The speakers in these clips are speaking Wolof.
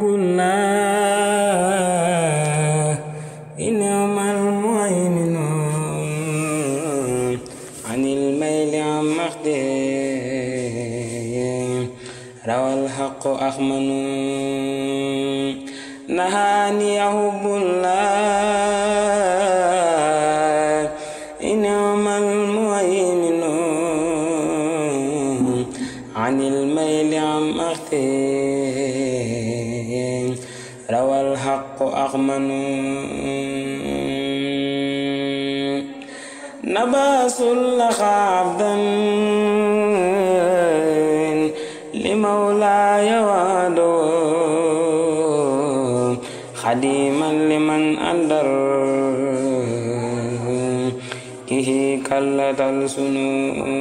كل حليما لمن أندر به كلت السنون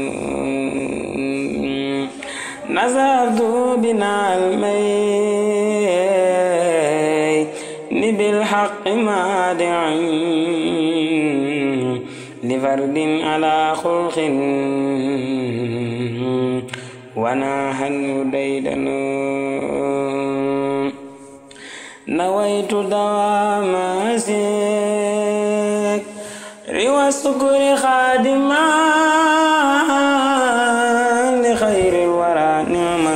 نزعت بنا المي بالحق مادع لفرد على خلق وناها ديدنون نويت دوام ذكري والشكر خادما لخير الورى نعما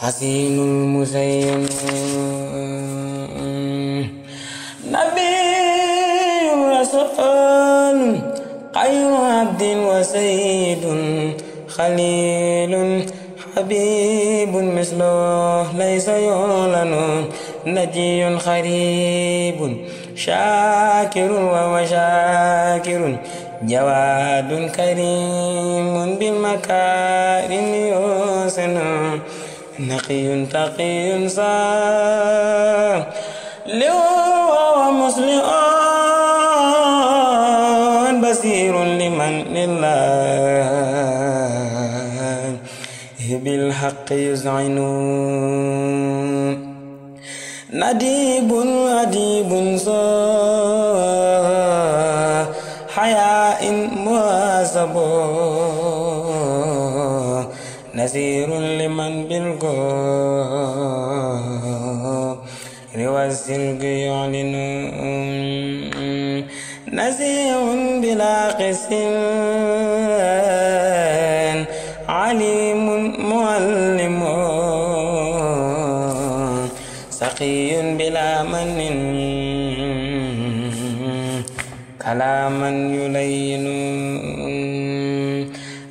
حسين المزين نبي رسول خير عبد وسيد خليل حبيب مثله ليس يعلن نجي خريب شاكر وهو شاكر جواد كريم بالمكارم يوسن نقي تقي صالح وهو مسلم بصير لمن لله بالحق يزعنون نديب أديب صا حياء مواثب نذير لمن بالغور والزلق يعلن نزيع بلا قسم عليم على من يلين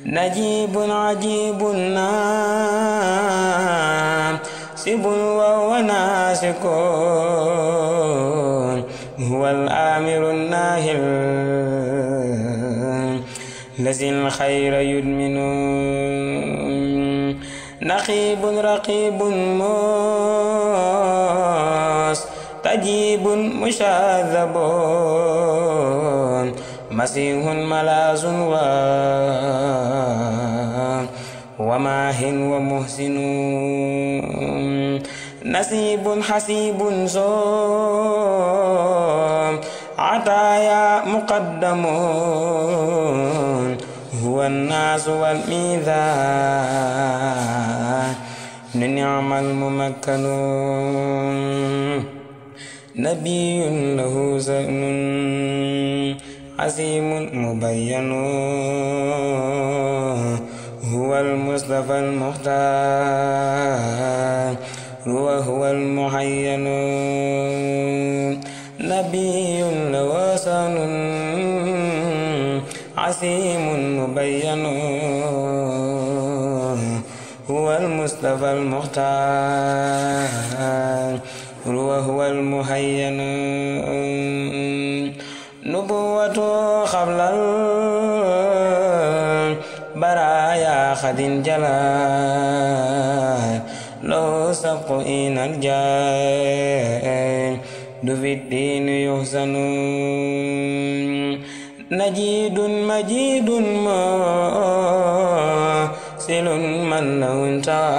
نجيب عجيب ناسب وهو ناسك هو الآمر الناهل الذي الخير يدمن نخيب رقيب موس تجيب مشاذب مسيح ملاذ وماهٍ ومحسن نسيب حسيب صوم عطايا مقدم هو الناس والميزان لنعم الممكن نبي له زأن عزيم مبين هو المصطفى المختار وهو المعين نبي لوسن عزيم مبين هو المصطفى المختار وهو المهين نبوة قبل البرايا خد جلا لو سبق إن الجاء في الدين يحسن نجيد مجيد ما سل من لو انتهى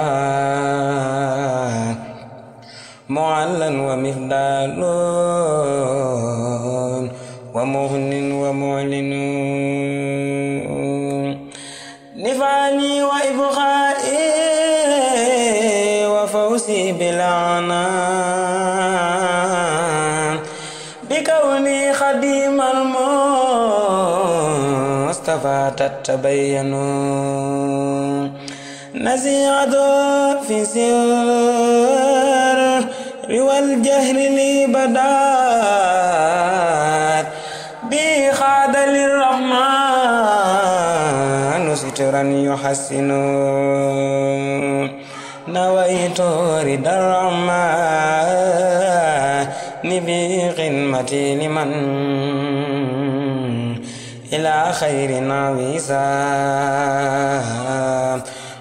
معلا ومهدال ومغن ومعلن نفعني وإبقائي وفوزي بالعنان بكوني خديم المصطفى تتبين نزيعة في سر والجهل لي بدأ عطرا يحسن نويت رضا الرحمن بخدمتي لمن إلى خير عويسا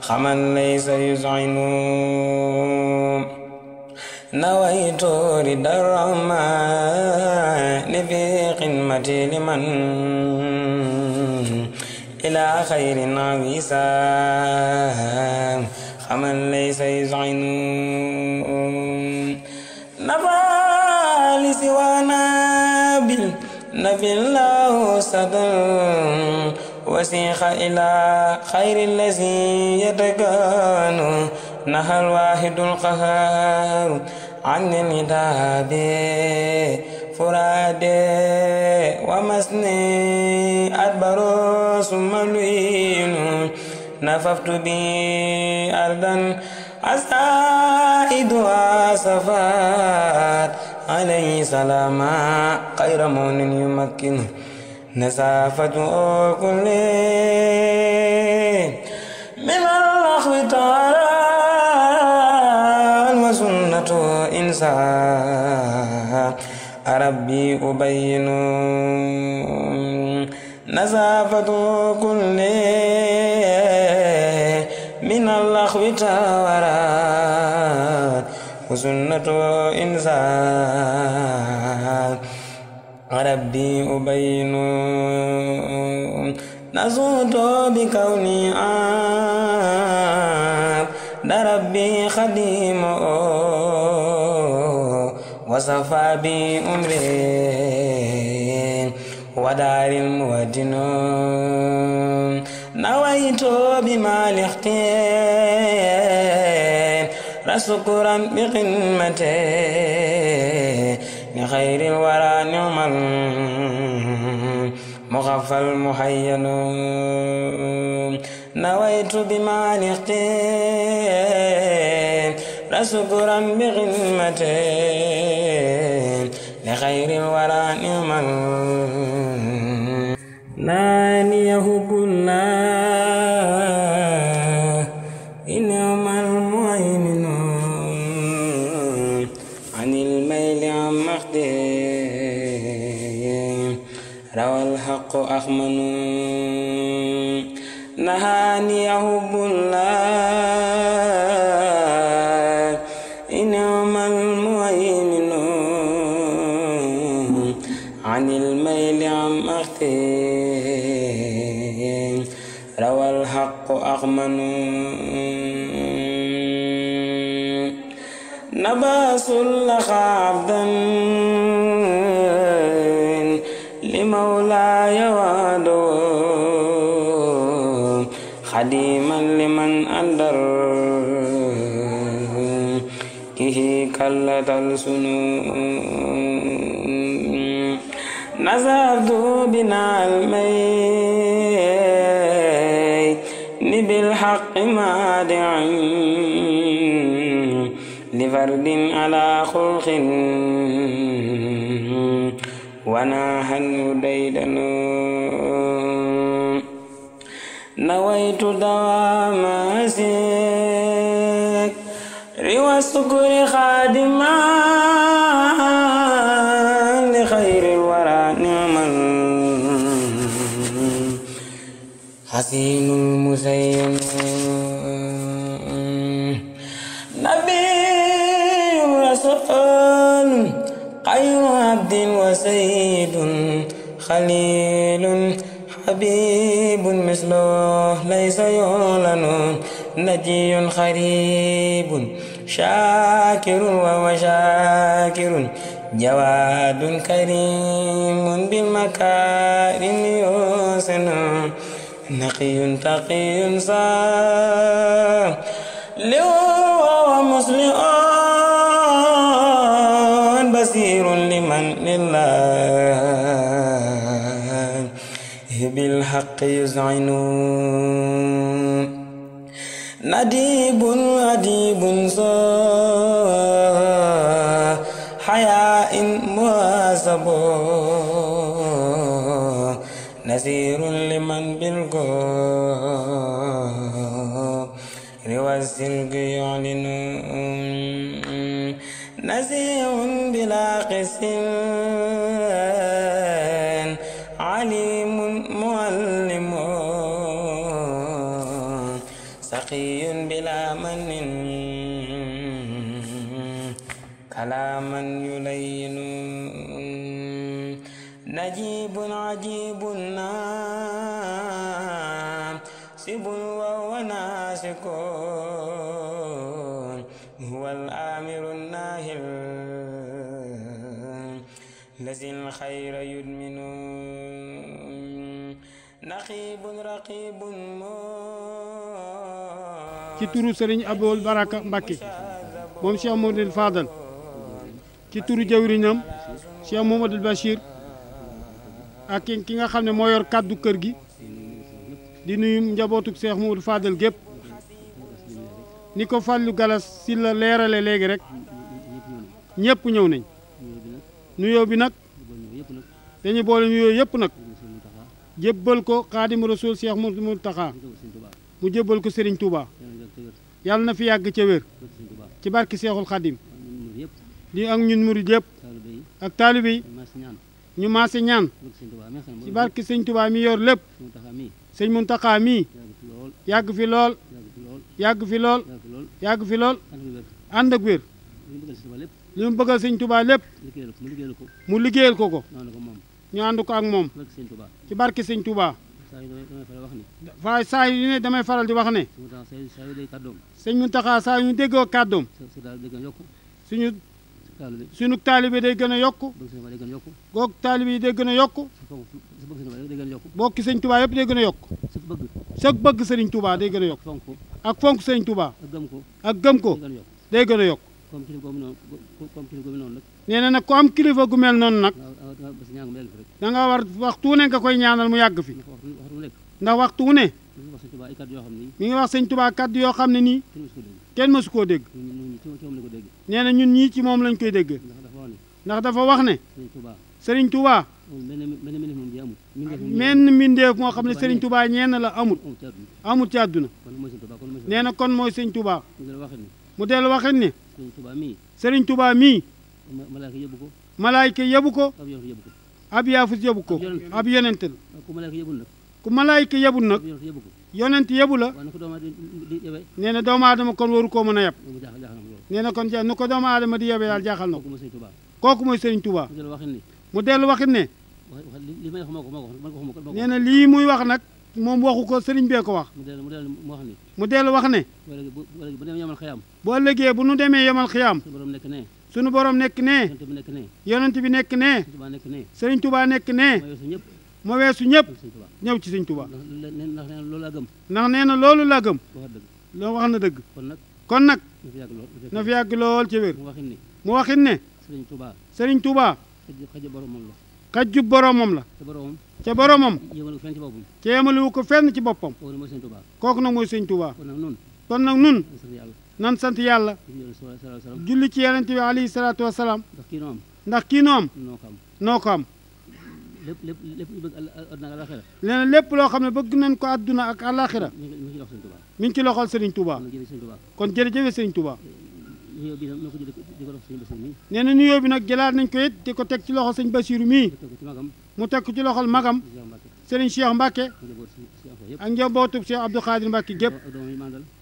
خمن ليس يزعن نويت رضا الرحمن بخدمتي لمن إلى خير وسام خمن ليس يزعن نفى لسوانا بالنبي الله صدر وسيخ إلى خير الذي يتقان نهى الواحد القهار عن الهداب فراد ومسني أدبره مسملين نففت بي أرضا أسائدها صفات عليه سلاما خير مون يمكن نسافة كل من الرخو تعالى وسنة إنسان ربي أبين نزافة كل من اللخو تورات وسنة إنسان ربي أبين نزوت بكوني عاب ربي خديم وصفى بي أمري ودار ودنون نويت بما الاختيار رسكرا بقمته لخير الورى نعما مغفى المحين نويت بما الاختيار رسكرا بقمته لخير الورى نعما ثمانية قل لا إنما المؤمن عن الميل عن مخده روى الحق أخمن لمولاي وادوم خديما لمن أندر به كلت السنون نزرت بنا المي بالحق مادعا لفرد على خلق وناهني ديدن نويت دوام أسيك روى السكر خادما لخير الورى نعما حسين المسيم نبي رسول خير عبد وسيد خليل حبيب مثله ليس يعلن نجي خريب شاكر وهو شاكر جواد كريم بالمكارم يوسن نقي تقي صالح ومسلم الله بالحق يزعنون نديب أديب صا حياء مواثب نذير لمن بالقهر والزلق يعلنون نزيع بلا قسم ci turu Serigne Abdoul Baraka Mbacke moom Cheikh Mouhamadoul Fadal ci turu jawriñam Cheikh Mouhamadoul Bachir ak ki nga xam ne moo yor kàddu kër gi di nuyu njabootu Cheikh Mouhamadoul Fadal gépp ni ko fàllu galas si la leerale léegi rek ñëpp ñëw nañ nuyoo bi nag dañu boole nuyoo yëpp nag jébbal ko xaadimu rasul Cheikh Mouhamadoul Mountakha mu jébbal ko sëriñ Touba yàlla na fi yàgg ca ci barki seexul xadim di ak ñun murid yëpp ak taalibe yi ñu maase ñaan ci barki sëñ tubaa mi yor lépp sëñ muntaxaa mii yàgg fi lool yàgg fi lool yàgg fi lool ànd ak wér li mu bëggal sëñ tubaa lépp mu liggéeyal ko ko ñu ànd ko ak moom ci barki sëñ tubaa waaye saa yu damay faral di wax ne. sëñ Muntaxa saa yu ñu déggoo kàddoom. suñu suñu taalibe day gën a yokku. goog taalibe yi day gën a yokku. bokki sëñ Touba yëpp day gën a yokku. sëg bëgg sëriñ Touba day gën a yokku. ak fonk sëriñ Touba. ak gëm ko day gën a yokku. nee na nag ku am kilifa gu mel noonu nag. da nga war waxtu ne nga koy ñaanal mu yàgg fi ndax waxtu wu ne mi ngi wax sëñ Tuubaa kàddu yoo xam ne nii kenn mësu koo dégg nee na ñun ñii ci moom lañ koy dégg ndax dafa wax ne sëriñ Tuubaa menn mbindeef moo xam ne sëriñ tubaa ñeen la amut amut ci àdduna nee na kon mooy sëñ Tuubaa mu dellu waxit ne sëriñ tubaa mii malaaka yóbbu ko malaayka yebu ko ab yaafus yebu ko ab yonent la ku malaayka yebul nag yonent yebu la nee na doomu aadama kon waru koo mën a yeb nee na kon ja nu ko doomu aadama di yebe daal jaaxal na ko kooku mooy Sëriñ Tuubaa mu dellu waxit ne nee na lii muy wax nag moom waxu ko sëriñ bee ko wax mu dellu wax ne bu ëllëgee bu nu demee yemal xiyaam bu nu demee yemal xiyaam sunu borom nekk ne. yonent bi nekk ne. Serigne tubaa nekk ne. ma weesu ñëpp. ñëw ci Serigne Touba. ndax nee na loolu la gëm. ndax nee na loolu la gëm. loo wax na dëgg. kon nag. na fi yàgg lool ci wér. mu waxin ne. Serigne Touba. Serigne Touba. xaju boromam la. xaju boromam la. ca boromam. ca yemalu ko fenn ci boppam. kooku nag mooy Serigne Touba. kon nag nun. nan sant yàlla julli ci yonent bi alayhi salaatu wa salaam ndax kii noo am noo ko am lépp lépp lépp ñu na lépp loo xam ne bëgg nañ ko àdduna ak àllaaxira mi ngi ci loxol Serigne Touba kon jërëjëf Serigne Touba nee na nuyoo bi nag jëlaat nañ ko it te ko teg ci loxol sëñ Basiru mii mu teg ko ci loxol magam Serigne Cheikh Mbacke ak njabootu Cheikh Abdou Khadir Mbacke gépp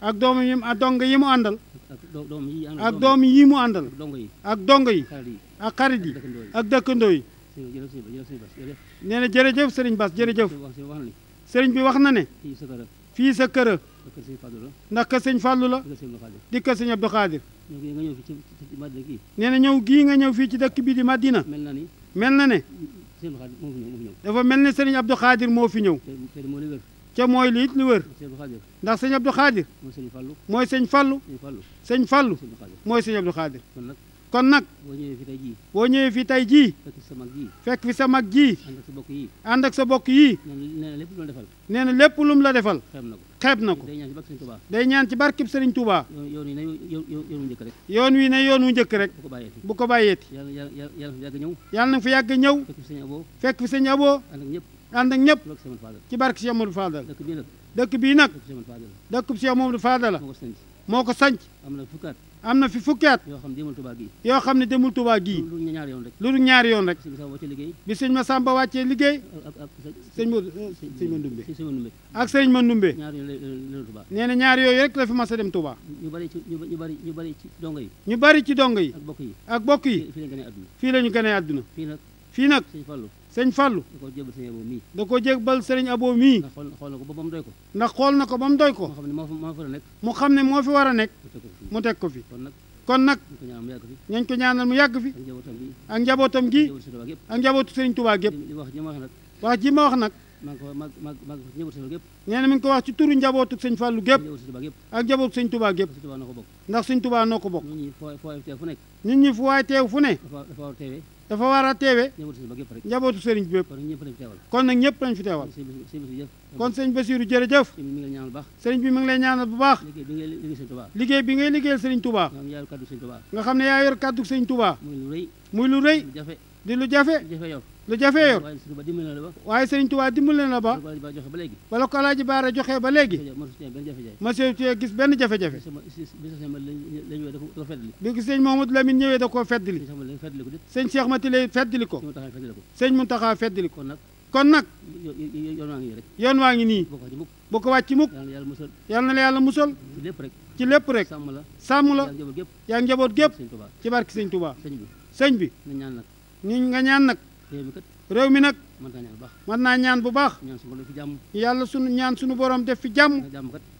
ak doom yi dong yi mu àndal ak doom yi mu àndal ak dong yi ak xarit yi ak dëkkandoo yi nee na jërëjëf Serigne Bass jërëjëf Serigne bi wax na ne fii sa kër ndax kër sëñ Fallou la di kër sëñ Abdou Khadir nee na ñëw gii nga ñëw fii ci dëkk bi di Madina mel na ne dafa mel ni sëriñ Abdou Khadir moo fi ñëw. te mooy li it li wër ndax sëñ Abdou Khadir mooy sëñ Fallu sëñ Fallu mooy sëñ Abdou Khadir kon nag boo ñëwee fi tey jii boo ñëwee fi tey jii fekk fi sa mag jii fekk fi sa mag jii ànd ak bokk yi ànd ak sa bokk yi na lépp lu la defal nee na lépp lu mu la defal xeeb na ko na ko day ñaan ci barkib Sëriñ Tuubaa day ñaan ci barkib Sëriñ Tuubaa yoon wi ne yoon wu njëkk rek yoon wi ne njëkk rek bu ko bàyyeeti yàlla na fi yàgg na fi yàgg ñëw fekk fi sëñ Abo fekk fi sëñ ñëpp ànd ak ñëpp ci barke Cheikh Amadou Fadal dëkk bii nag dëkk bii nag dëkk Cheikh Amadou Fadal la moo ko sanc am na fukki am na fi fukki at yoo xam ne demul tubaa gi yoo xam ne demul Touba gii lu dul ñaari yoon rek lu dul ñaari yoon rek bi sëñ ma Samba wàccee liggéey sëñ ma sëñ ma Ndumbe ak sëñ ma Ndumbe nee na ñaari yooyu rek la fi mas a dem Touba ñu bari ci ñu bari ñu bari ci dongo yi ñu bari ci dongo yi ak bokk yi ak bokk yi fii la ñu gënee fii la ñu gënee àdduna fii nag fii nag sëñ Fallou sëñ Fallou da koo jébal sëñ Abo mii da koo jébal sëñ Abo mii ndax xool na ko ba mu doy ko ndax xool na ko ba mu doy ko mu xam ne moo fi war a nekk mu teg ko fi kon nag ñañ ko ñaanal mu yàgg fi ak njabootam gi ak njabootu sëriñ Touba gépp wax ji ma wax nag nee na mi ngi ko wax ci turu njabootu sëñ Fallou gépp ak njabootu sëñ Touba gépp ndax sëñ Touba noo ko bokk nit ñi fu waay teew fu ne dafa war a teewe njabootu sëriñ bi bépp kon nag ñëpp lañ fi teewal kon sëñ Basiiru jërëjëf sëriñ bi mu ngi lay ñaanal bu baax liggéey bi ngay liggéeyal sëriñ Touba nga xam ne yaa yor kàddu sëriñ Touba muy lu rëy di lu jafe. lu jafe yor waaye sëriñ Tuubaa dimbali na ba wala ko Alaaji Baara joxe ba léegi monsieur Thiel gis benn jafe-jafe bi gis sëñ Mamadou Lamine ñëwee da koo feddli sëñ Cheikh Mati lay feddli ko sëñ Muntaxa feddli ko kon nag yoon waa ngi nii bu ko wàcc mukk yal na la yàlla musal ci lépp rek sàmm la yaa njaboot gépp ci barki sëñ Tuubaa sëñ bi ni nga ñaan nag. réew mi nag. mën naa ñaan bu baax naa ñaan bu baax. ñaan suñu borom def jàmm. yàlla sunu ñaan sunu borom def fi jàmm.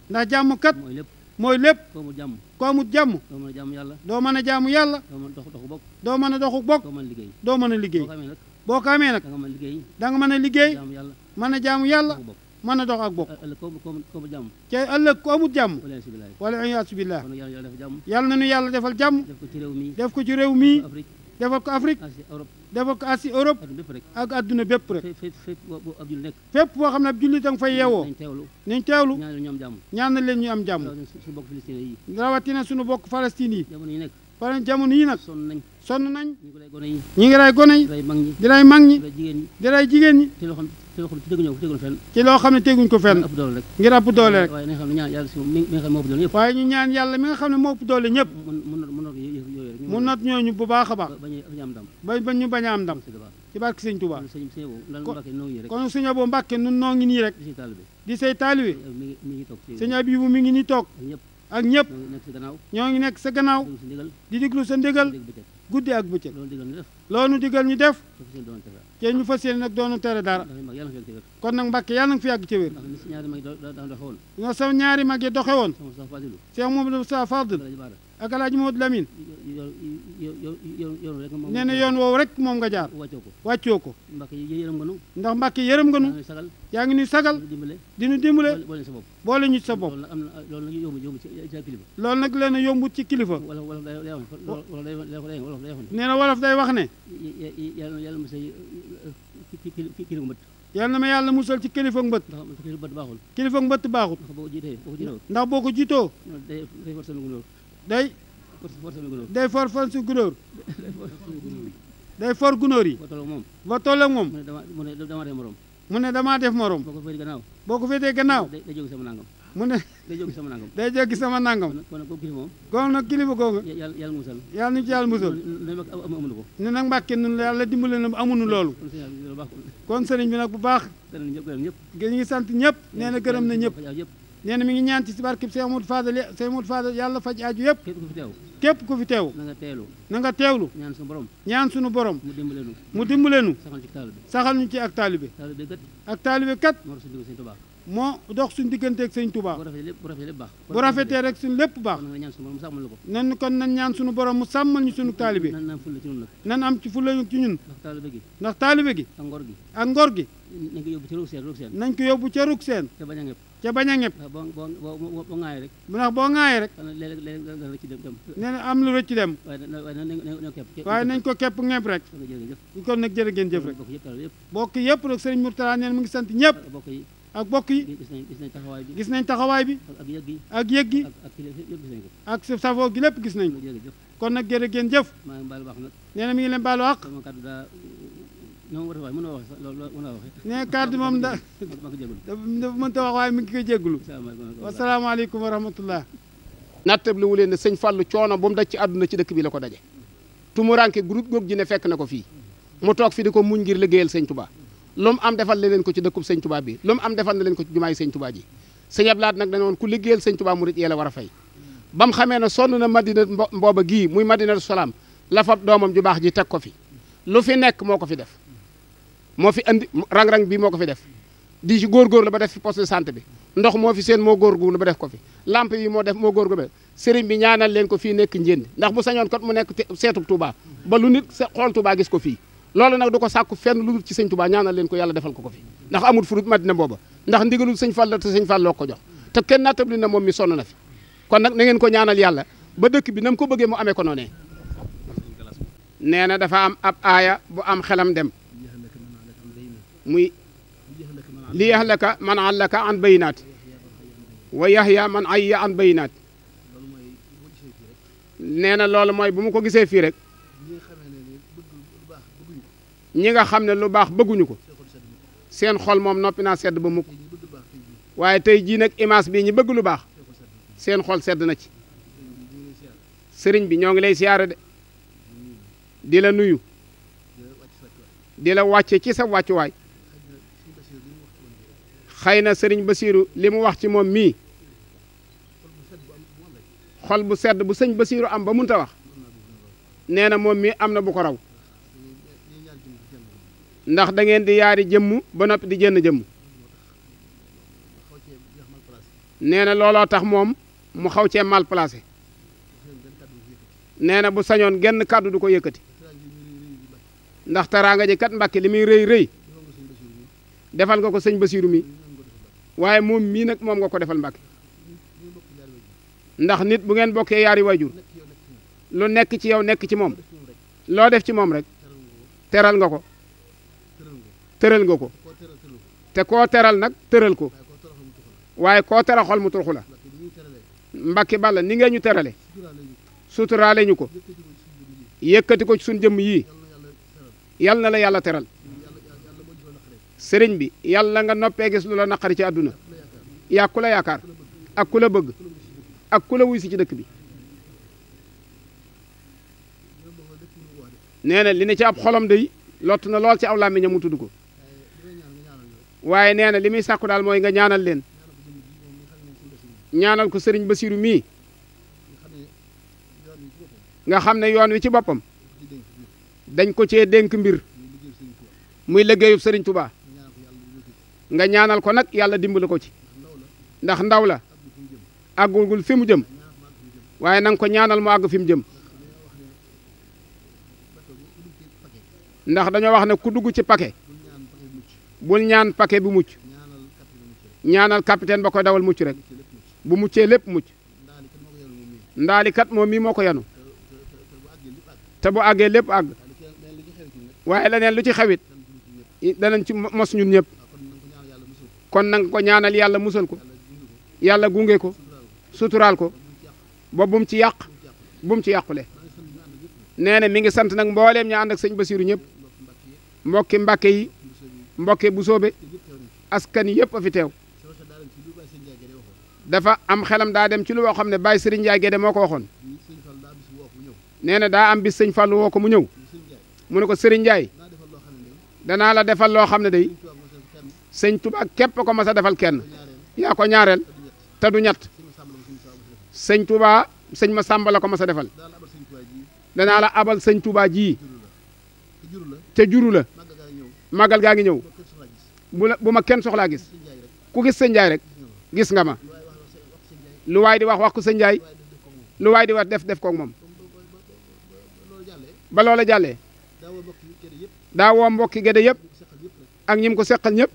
ndax jàmm kat. mooy lépp mooy lépp. ko mu jàmm ko mu jàmm. doo mën a jàmm yàlla. doo mën a jàmm yàlla. doo mën bokk. doo mën a doxu bokk. doo mën a liggéey. doo mën a liggéey. boo ko amee nag. da nga mën a liggéey. da nga mën a liggéey. mën a jàmm yàlla. mën a dox ak bokk ca ëllëg ko amut jàmm wala iyaasu billah yàlla na nu yàlla defal jàmm def ko ci réew mi defal ko Afrique defal ko Asie Europe ak adduna bépp rek fépp boo xam ne ab jullit danga fay yeewoo nañ teewlu ñaanal leen ñu am jàmm rawatina suñu bokk Palestine yi par jamono yi nag sonn nañ ñi ngi ray gone yi di ray mag ñi di ray jigéen ñi ci loo xam ne teguñu loo xam ne teguñu ko fenn ngir ëpp doole rek waaye ñu ñaan yàlla mi mu not ñoo bu baax a baax ba ba ñu bañ a am ndam ci barke sëñ Tuubaa kon sëñ Abo Mbàkke nun noo ngi nii rek di say taalibe sëñ Abibu mi ngi nii toog ak ñëpp ñoo ngi nekk sa gannaaw di diglu sa ndigal guddi ak bëccëg loolu digal ñu def te ñu fas yéene nag doonu tere dara kon nag Mbàkke yàlla na fi yàgg ci wér sa ñaari mag yi doxe woon Cheikh Mamadou Sa Fadil ak moo Hadj Modou Lamine. yoon woowu rek moom nga jaar. wàccoo ko wàccoo ko. ndax Mbàkke yërëm nga nu. yaa ngi nuy sagal. di nu dimbale. boole ñu ci sa bopp. loolu nag leen a yombut ci kilifa. nee na wolof day wax ne. yal na ma yàlla musal ci kilifa mbët. kilifa mbët baaxul. ndax boo ko jiitoo. ndax boo ko jiitoo. day. day for for su gunóor. day for gunóor yi. ba toll ak moom. mu ne damaa def morom. mu ne damaa def morom. boo ko féetee boo ko féetee gannaaw. day jóg sama nangam. mu ne. day jóg sama nangam. day jóg sama nangam. kon nag kilifa moom. kon nag kilifa googu. yàlla yàlla musal. yàlla nu ci yàlla musal. amuñu ko. ne nag mbàkke nun yàlla dimbale na amuñu loolu. kon sëriñ bi nag bu baax. ñu ngi sant ñëpp. nee na gërëm na ñëpp. nee na mi ngi ñaan ci si barkib Sëñ Modou Fadel Sëñ Modou Fadel yàlla faj aaju yëpp képp ku fi teew képp ku fi na nga teewlu na teewlu ñaan sunu borom ñaan sunu borom mu dimbale leenu mu dimbale nu saxal ñu ci ak taalibe saxal ñu ci ak taalibe kat ak taalibe kat moo dox suñ digganteeg sëñ Touba. bu rafetee lépp bu baax. bu rafetee rek suñ lépp baax. nan kon nan ñaan suñu borom mu sàmmal ñu suñu taalibe. nan am fulla ci ñun nag. nan am ci fulla ñun. ndax taalibe gi. ndax gi. ak ngor gi. ak ngor gi. nañ ko yóbbu ca rug nañ ko yóbbu ca rug seen. ca bañ a ngepp. ca bañ a ngepp. ndax boo boo boo ŋaayee rek. ndax boo ŋaayee rek. léeg-léeg léeg-léeg nga rëcc dem dem. nee na am lu rëcc dem. waaye nañ ko kepp ngepp rek. kon nag jërë ngeen jëf rek. bokk yëpp rek sëriñ Mourtala neen mu ngi sant ñëpp. ak bokk yi gis nañ taxawaay bi gis nañ taxawaay bi ak yëg ak yëg gi ak safoo gi lépp gis nañ ko kon nag jërë ngeen jëf nee na mi ngi leen baalu àq nee kàddu moom da dafa mënta wax waaye mi ngi koy jégglu wasalaamaaleykum wa rahmatullah nattab li wu leen ne sëñ Fallou coono ba mu daj ci àdduna ci dëkk bi la ko daje tumuranke groupe góog ji ne fekk na ko fii mu toog fi di ko muñ ngir liggéeyal sëñ Tuubaa lu mu am defal na leen ko ci dëkkub sëñ tubaab bi lu mu am defal na leen ko ci jumaa yi sëñ tubaa ji sëñ nag dañu woon ku liggéeyal sëñ tubaa murit yee la war a fay ba mu xamee ne sonn na madina mbooba gii muy madinatu salaam la fab doomam ju baax ji teg ko fi lu fi nekk moo ko fi def moo fi andi rang-rang bi moo ko fi def di ci góorgóor la ba def fi poste de santé bi ndox moo fi seen moo góorgóor la ba def ko fi lamp yi moo def moo góorgóor ba sëriñ bi ñaanal leen ko fii nekk njënd ndax mu sañoon kot mu nekk seetub Touba ba lu nit xool Touba gis ko fii loolu nag du ko sàkk fenn lu ci sëñ Tuubaa ñaanal leen ko yàlla defal ko ko fi ndax amul furut Madina booba ndax ndigalul sëñ Fall te sëñ Fall ko jox te kenn nattabli na moom mi sonna na fi kon nag na ngeen ko ñaanal yàlla ba dëkk bi na ko bëggee mu amee ko na dafa am ab aaya bu am xelam dem muy li ka man allaka an baynaat wa yahya man ayya an baynaat nee na loolu mooy bu mu ko gisee fii rek ñi nga xam ne lu baax bëgguñu ko seen xol moom noppi naa sedd ba mukk waaye tey jii nag image bii ñi bëgg lu baax seen xol sedd na ci sëriñ bi ñoo ngi lay siyaare de di la nuyu di la wàcce ci sa wàccuwaay xëy na sëriñ Basiiru li mu wax ci moom mii xol bu sedd bu sëñ Basiiru am ba munta wax nee na moom mii am na bu ko raw ndax da ngeen di yaari jëmm ba noppi di jënn jëmm nee na looloo tax moom mu xaw cee mal placé nee na bu sañoon genn kàddu du ko yëkkati ndax taraanga ji kat mbàkke li muy rëy rëy defal nga ko sëñ Basiiru mi waaye moom mii nag moom nga ko defal mbàkke ndax nit bu ngeen bokkee yaari waajur lu nekk ci yow nekk ci moom loo def ci moom rek teral nga ko tëral nga ko te koo teral nag tëral ko waaye koo teraxol mu turxu la mbakki balla ni ngeen ñu terale suturaale ñu ko yëkkati ko ci suñ jëmm yii yal na la yàlla teral sëriñ bi yàlla nga noppee gis lu la naqari ci àdduna yaa ku la yaakaar ak ku la bëgg ak ku la wuy si ci dëkk bi nee na li ne ci ab xolam day lott na lool ci aw làmmiñam mu tudd ko waaye nee na li muy sàkku daal mooy nga ñaanal leen ñaanal ko sëriñ ba Basiru mii nga xam ne yoon wi ci boppam dañ ko cee dénk mbir muy liggéeyub sëriñ Tuubaa nga ñaanal ko nag yàlla dimbali ko ci ndax ndaw la àggugul fi mu jëm waaye nang ko ñaanal mu àgg fi mu jëm ndax dañoo wax ne ku dugg ci pake bul ñaan paquet bu mucc ñaanal capitaine ba koy dawal mucc rek bu muccee lépp mucc ndaali moom mii moo ko yanu te bu àggee lépp àgg waaye leneen lu ci xewit danañ ci mos ñun ñëpp kon nanga ko ñaanal yàlla musal ko yàlla gunge ko suturaal ko ba bum ci yàq bum ci yàqule nee na mi ngi sant nag mbooleem ña ànd ak sëñ Basiiru ñëpp mbokki Mbàkke yi mbokke bu soobe askan yëpp a fi teew dafa am xelam daa dem ci lu xam ne Baye Serigne Ndiaye Guédé moo ko waxoon nee na daa am bi sëñ Fallou woo ko mu ñëw mu ne ko Serigne Ndiaye danaa la defal loo xam ne day sëñ Touba képp ko mas a defal kenn yaa ko ñaareel te du ñett sëñ Touba sëñ ma Samba la ko mas a defal danaa la abal sëñ Touba ji te juru la. màggal gaa ngi ñëw bu bu ma kenn soxlaa gis ku gis sëñ rek gis nga ma lu waay di wax wax ko sëñ lu waay di wax def def koog moom ba loola jàllee daa woo mbokki gede yëpp ak ñi ko seqal ñëpp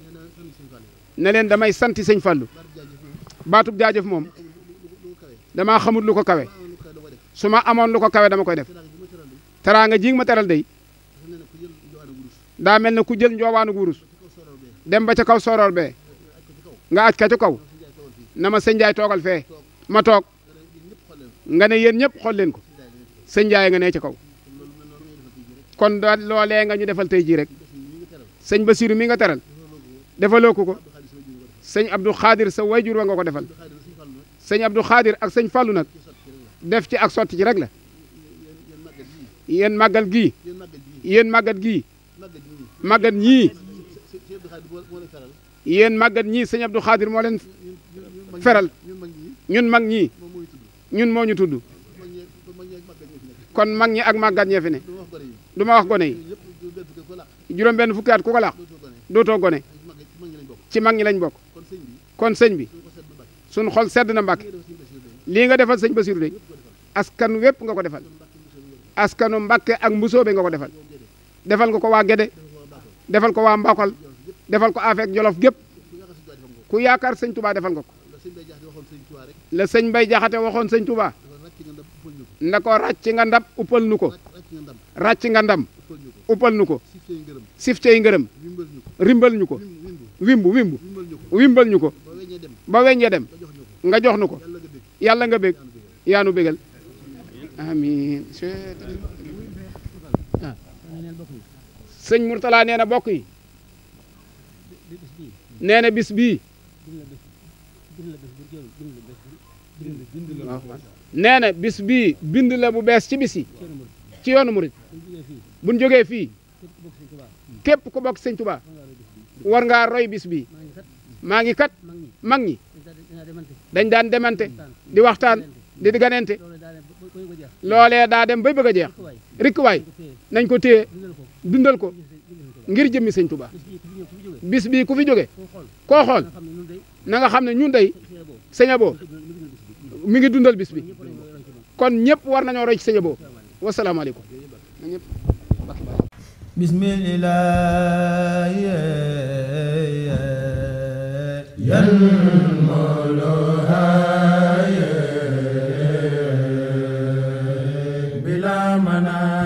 ne leen damay santi sëñ Fallou baatub jaajëf moom damaa xamut lu ko kawe su ma amoon lu ko kawe dama koy def teraanga ji nga ma teral day daa mel ne ku jël njoowaanu wurus dem ba ca kaw soror bee nga aj ka ca kaw na ma sëñ Ndiaye toogal fee ma toog nga ne yéen ñëpp xool leen ko sëñ Ndiaye nga ne ca kaw kon da loole nga ñu defal tey jii rek sëñ Basiru mi nga teral defaloo ko ko sëñ Abdou Khadir sa wayjur wa nga ko defal sëñ Abdou Khadir ak sëñ Fallou nag def ci ak sotti ji rek la yéen màggal gii yéen màggal gii màggat ñii yéen màggat ñii sëñ Abdou Khadir moo leen feral ñun mag ñii ñun moo ñu tudd kon mag ñi ak màggat ñee fi ne du wax gone yi juróom benn fukki ku ko laax dootoo gone ci mag ñi lañ bokk kon sëñ bi suñ xol sedd na Mbàkke lii nga defal sëñ Basiru de askan wépp nga ko defal askanu Mbàkke ak mbusoobe nga ko defal defal nga ko waa Gede defal ko waa Mbakol defal ko Afek Jolof gépp ku yaakaar sëñ Touba defal nga ko la sëñ Mbay Jaxate waxoon sëñ Touba na ko ràcc nga ndab uppal nu ko ràcc nga ndam uppal nu ko sifteey ngërëm rimbal ñu ko wimbu wimbu wimbal ñu ko ba weññe dem nga jox nu ko yàlla nga bég yaanu bégal amiin sëñ Mourtala nee na bokk yi nee na bis bii nee na bis bii bind la bu bees ci bis yi ci yoonu murit buñ jógee fii képp ku bokk sëñ Tuubaa war ngaa roy bis bii maa ngi kat mag ñi dañ daan demante di waxtaan di ganente loolee daa dem bay bëgg a jeex rikk waay nañ ko téye dundal ko ngir jëmmi sëñ Touba bis bii ku fi jóge koo xool na xam ne ñun day sëñ Abo mi ngi dundal bis bi kon ñépp war nañoo roy ci sëñ Abo wasalaamaaleykum na ñëpp bismillah Ramana